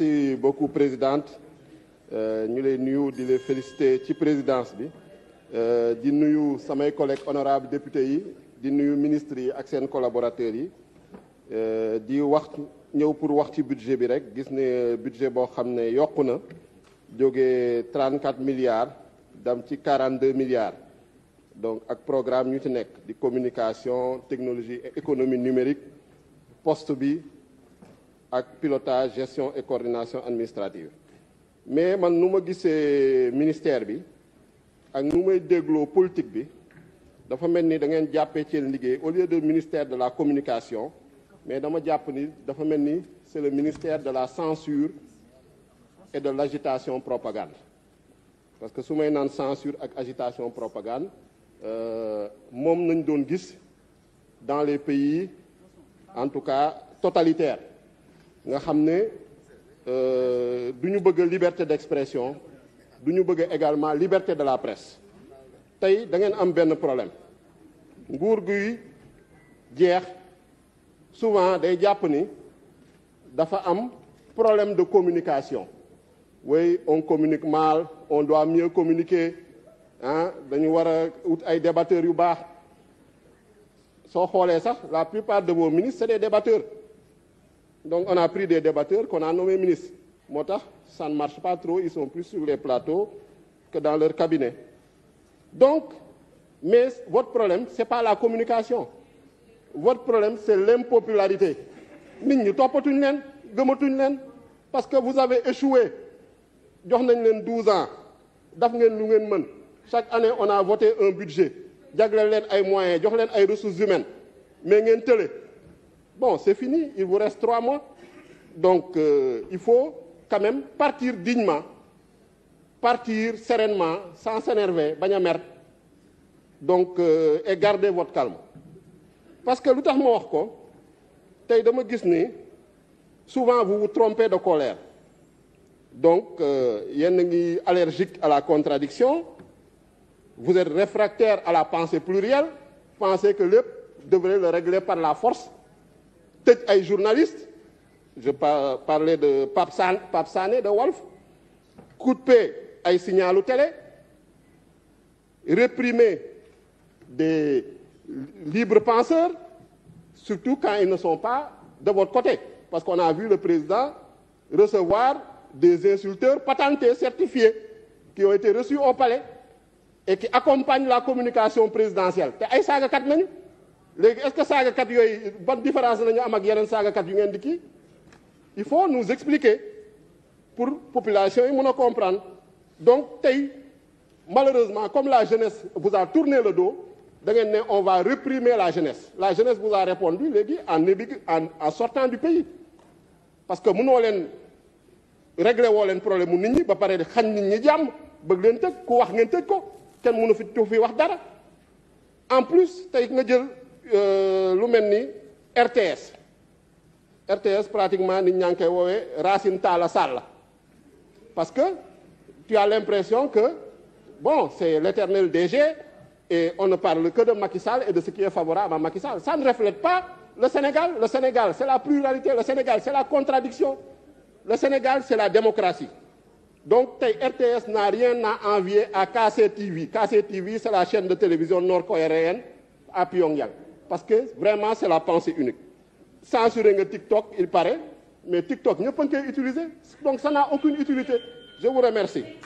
merci beaucoup présidente euh, ñu lay nuyu di la féliciter ci présidence bi euh, di nuyu samay collègues honorables députés yi di nuyu ministres yi ak seen collaborateurs yi euh, di wax ñëw pour wax ci budget bi rek gis ne budget boo xam ne yokku na jógee 34 milliards dem ci 42 milliards donc ak programme ñu ci nekk di communication technologie et économie numérique post bi ak pilotage gestion et coordination administrative mais man nu ma gisee ministère bi ak nu may dégloo politique bi dafa mel ni da ngeen jàppee ci liggéey au lieu de ministère de la communication mais dama jàpp ni dafa mel ni c'est le ministère de la censure et de l'agitation propagande parce que su may naan censure ak agitation propagande euh, moom nañ doon gis dans les pays en tout cas totalitaire nga xam ne euh, du ñu bëgg liberté d'expression du ñu bëgg également liberté de la presse tey da ngeen am benn problème nguur guy jeex souvent day jàpp ni dafa am problème de communication oui on communique mal on doit mieux communiquer ah dañu war a wut ay débatteurs yu baax soo xoolee sax la plupart de vos ministres c'est des débatteurs Donc on a pris des débatteurs qu'on a nommés ministres. Mota, ça ne marche pas trop, ils sont plus sur les plateaux que dans leur cabinet. Donc, mais votre problème, ce pas la communication. Votre problème, c'est l'impopularité. Parce que vous avez échoué. Vous avez 12 ans. Chaque année, on a voté un budget. jaglel avez ay moyens, jox avez ay ressources humaines. Mais ngeen avez Bon, c'est fini, il vous reste trois mois. Donc, euh, il faut quand même partir dignement, partir sereinement, sans s'énerver, bagnamère. Donc, euh, et garder votre calme. Parce que tey l'outar morco, souvent vous vous trompez de colère. Donc, euh, il y a allergique à la contradiction, vous êtes réfractaire à la pensée plurielle, pensez que le devrait le régler par la force, tëj ay journalistes je parlais de Pape sane Pape Sané de Walf couper ay signalu télé réprimer des libres penseurs surtout quand ils ne sont pas de votre côté parce qu'on a vu le président recevoir des insulteurs patentés certifiés qui ont été reçus au palais et qui accompagnent la communication présidentielle te ay saagakat nañu léegi est-ce que saagakat yooyu ban différence la ñu am ak yeneen saagakat yu ngeen di kii il faut nous expliquer pour population yi mun a comprendre donc tey malheureusement comme la jeunesse vous a tourné la dos da ngeen ne on va réprimer la jeunesse la jeunesse vous a répondu léegi en ébig en en sortant du pays parce que mënoo leen réglé woo leen problème mu nit ñi ba pare xañ nit ñi jàmm bëgg leen tëj ku wax ngeen tëj ko kenn mënu fi tu fi wax dara en plus tey nga jël Euh, lu mel ni RTS RTS pratiquement nit ñaa ngi koy woowee Racine Talla Sall parce que tu as l'impression que bon c'est l'éternel DG et on ne parle que de Macky Sall et de ce qui est favorable à Macky Sall ça ne reflète pas le Sénégal le Sénégal c'est la pluralité le Sénégal c'est la contradiction le Sénégal c'est la démocratie donc tey RTS n'a rien à envier à KCTV KCTV c'est la chaîne de télévision nord-coréenne à Pyongyang parce que vraiment c'est la pensée unique censurer nga TikTok il paraît mais TikTok ñëpp a ngi koy utiliser donc ça n'a aucune utilité je vous remercie